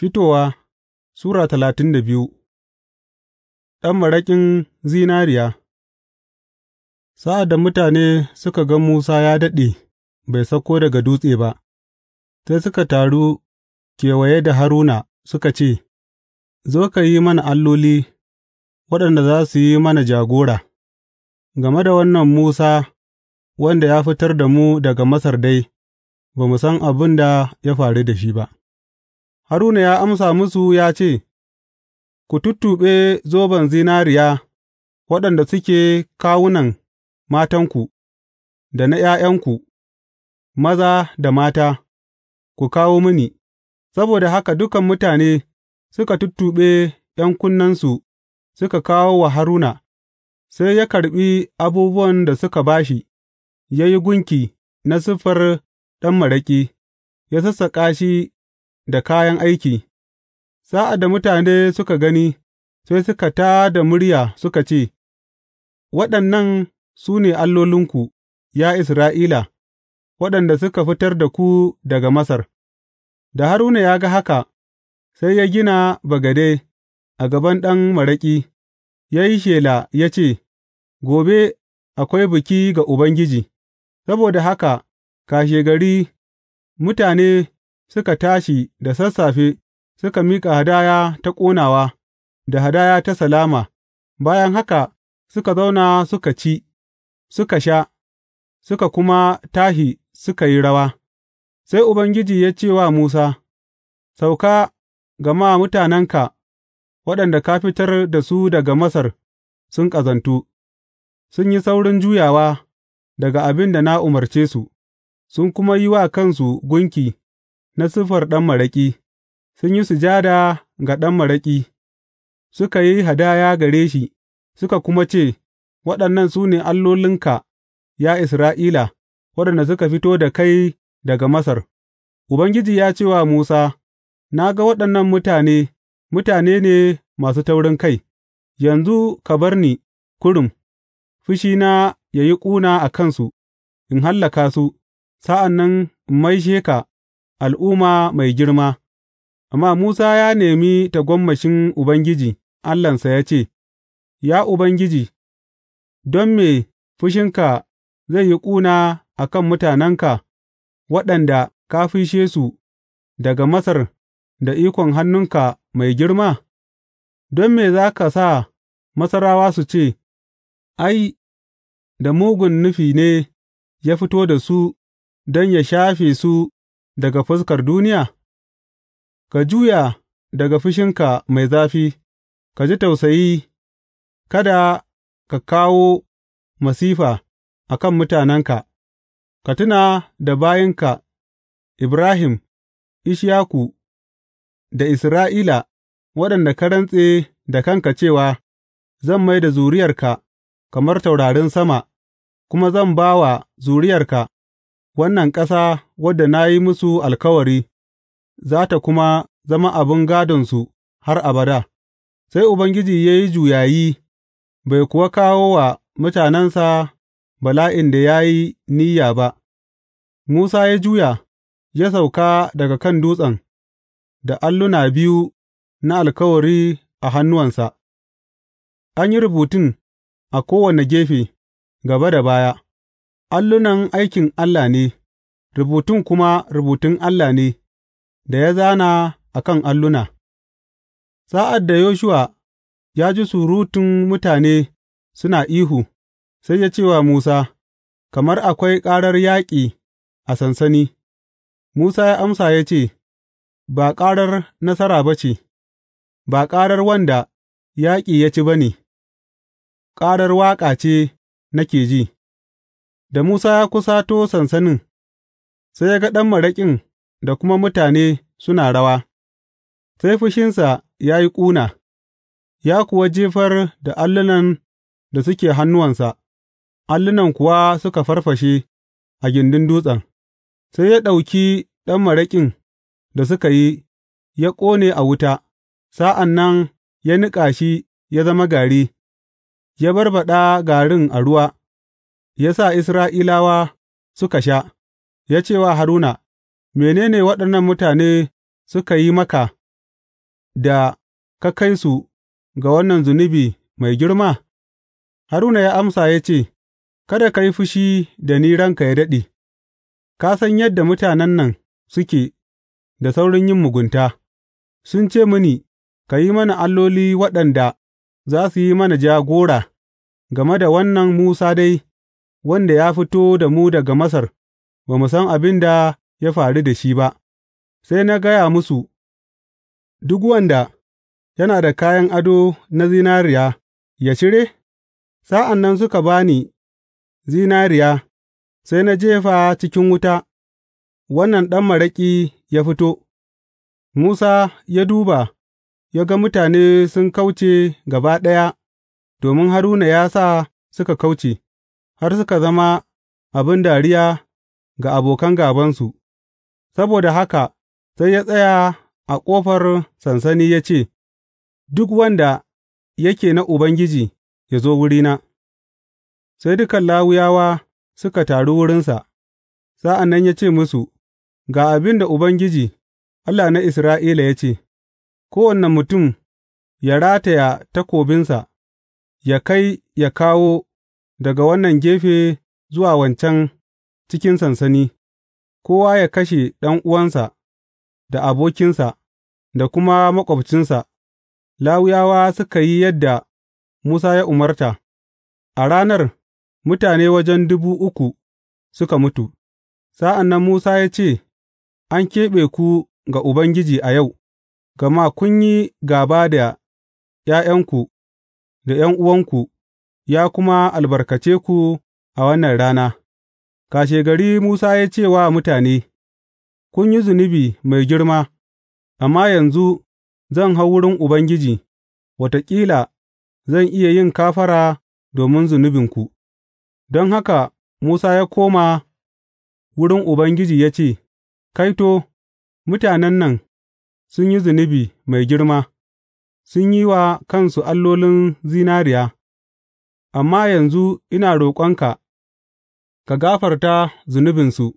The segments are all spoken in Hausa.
Fitowa Sura talatin da biyu Ɗan maraƙin zinariya Sa'ad da mutane suka ga Musa ya daɗe bai sauko daga dutse ba, sai suka taru kewaye da Haruna suka ce, Zo ka yi mana alloli waɗanda za su yi mana jagora, game da wannan Musa wanda ya fitar da mu daga Masar dai, ba mu san abin da ya faru da shi ba. Haruna ya amsa musu ya ce, Ku tuttuɓe zoban zinariya waɗanda suke kawunan matanku, da na ’ya'yanku, maza da mata, ku kawo mini, saboda haka dukan mutane suka tuttuɓe ’yan kunnensu suka kawo wa Haruna, sai ya karɓi abubuwan da suka ba shi, ya yi gunki na siffar ɗan maraƙi, ya sassaƙa shi da kayan aiki, sa'ad da mutane suka gani, sai suka tā da murya suka ce, Waɗannan su ne allolinku, ya Isra'ila, waɗanda suka fitar da ku daga Masar.’ Da Haruna ya ga haka, sai ya gina bagade a gaban ɗan maraƙi, ya yi shela ya ce, Gobe akwai biki ga Ubangiji, saboda haka kashegari mutane suka tashi da sassafe suka miƙa hadaya ta ƙonawa da hadaya ta salama, bayan haka suka zauna suka ci, suka sha, suka kuma tashi suka yi rawa. Sai Ubangiji ya ce wa Musa, Sauka, gama mutanenka waɗanda ka fitar da su daga Masar sun ƙazantu, sun yi saurin juyawa daga abin da na umarce su, sun kuma yi wa kansu gunki na siffar ɗan maraƙi, sun yi sujada ga ɗan maraƙi, suka yi hadaya gare shi, suka kuma ce, Waɗannan su ne allolinka, ya Isra'ila, waɗanda suka fito da kai daga Masar. Ubangiji ya ce wa Musa, Na ga waɗannan mutane, mutane ne masu taurin kai. yanzu ka bar ni kurum, fushina ya yi ƙuna a kansu, in hallaka su, sa'an nan in maishe ka al'umma mai girma, amma Musa ya nemi tagomashin Ubangiji Allahnsa ya ce, Ya Ubangiji, don me fushinka zai yi ƙuna a kan mutanenka waɗanda ka fishe su daga Masar da ikon hannunka mai girma? Don me za ka sa Masarawa su ce, Ai, da mugun nufi ne ya fito da su don yă shafe su daga fuskar duniya? Ka juya daga fushinka mai zafi, ka ji tausayi, kada ka kawo masifa a kan mutanenka, ka tuna da bayinka Ibrahim, Ishaku da Isra'ila, waɗanda ka rantse da kanka cewa, Zan mai da zuriyarka kamar taurarin sama, kuma zan ba wa zuriyarka. wannan ƙasa wadda na yi musu alkawari, za tă kuma zama abin gādonsu har abada, sai Ubangiji ya yi juyayi, bai kuwa kawo wa mutanensa bala'in da ya yi niyya ba, Musa ya juya, ya sauka daga kan dutsen, da alluna biyu na alkawari a hannuwansa, an yi rubutun a kowane gefe, gaba da baya. Allunan aikin Allah ne, rubutun kuma rubutun Allah ne, da ya zana a kan alluna. Sa'ad da Yoshuwa ya ji surutun mutane suna ihu, sai ya ce wa Musa, Kamar akwai ƙarar yaƙi a sansani, Musa ya amsa ya ce, Ba ƙarar nasara ba ce, ba ƙarar wanda yaƙi ya ci ba ne, ƙarar waƙa ce nake ji. Da Musa ya kusato sansanin, sai ya ga ɗan maraƙin da kuma mutane suna rawa, sai fushinsa ya yi ƙuna, ya kuwa jefar da allunan da suke hannuwansa, allunan kuwa suka farfashe a gindin dutsen, sai ya ɗauki ɗan maraƙin da suka yi, ya ƙone a wuta, sa'an nan ya niƙa shi ya zama gari, ya barbaɗa garin a ruwa. ya sa Isra'ilawa suka sha, ya ce wa Haruna, Mene ne waɗannan mutane suka yi maka da ka kai su ga wannan zunubi mai girma? Haruna ya amsa ya ce, Kada ka yi fushi da ni ranka yă daɗe, ka san yadda mutanen nan suke da saurin yin mugunta, sun ce mini, Ka yi mana alloli waɗanda za su yi mana jagora game da wannan Musa dai. wanda ya fito da mu daga Masar, ba mu san abin da ya faru da shi ba, sai na gaya musu, Duk wanda yana da kayan ado na zinariya, ya cire? Sa'an nan suka ba ni zinariya, sai na jefa cikin wuta, wannan ɗan maraƙi ya fito. Musa ya duba, ya ga mutane sun kauce gaba ɗaya domin Haruna ya sa suka kauce. har suka zama abin dariya ga abokan gābansu, saboda haka sai ya tsaya a ƙofar sansani ya ce, Duk wanda yake na Ubangiji ya zo wurina, sai dukan lawuyawa suka taru wurinsa, sa'an nan ya ce musu, Ga abin da Ubangiji, Allah na Isra'ila ya ce, Kowane mutum ya rataya takobinsa, ya kai ya kawo daga wannan gefe zuwa wancan cikin sansani, kowa ya kashe ɗan'uwansa da abokinsa da kuma maƙwabcinsa, Lawiyawa suka yi yadda Musa ya umarta, a ranar mutane wajen dubu uku suka mutu, sa'an nan Musa ya ce, An keɓe ku ga Ubangiji a yau, gama kun yi gaba da ’ya'yanku da ’yan'uwanku. ya kuma albarkace ku a wannan rana. Kashegari Musa ya ce wa mutane, Kun yi zunubi mai girma, amma yanzu zan hau wurin Ubangiji, wataƙila zan iya yin kafara domin zunubinku. Don haka Musa ya koma wurin Ubangiji ya ce, Kaito, mutanen nan sun yi zunubi mai girma, sun yi wa kansu allolin zinariya. Amma yanzu ina roƙonka ka gafarta zunubinsu,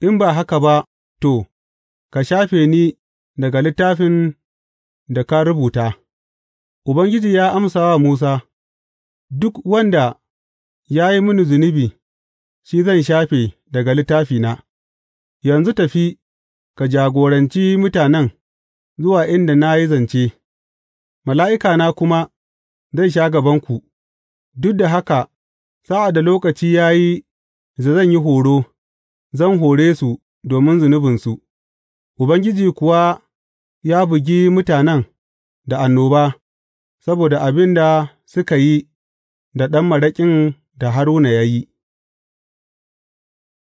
in ba haka ba, to, ka shafe ni daga littafin da ka rubuta. Ubangiji ya amsa wa Musa, Duk wanda ya yi mini zunubi, shi zan shafe daga littafina, yanzu tafi, ka jagoranci mutanen zuwa inda na yi zance, mala'ikana kuma zai sha gabanku. Duk da haka, sa'ad da lokaci ya yi da zan yi horo, zan hore su domin zunubinsu, Ubangiji kuwa ya bugi mutanen da annoba, saboda abin da suka yi da ɗan maraƙin da Haruna ya yi.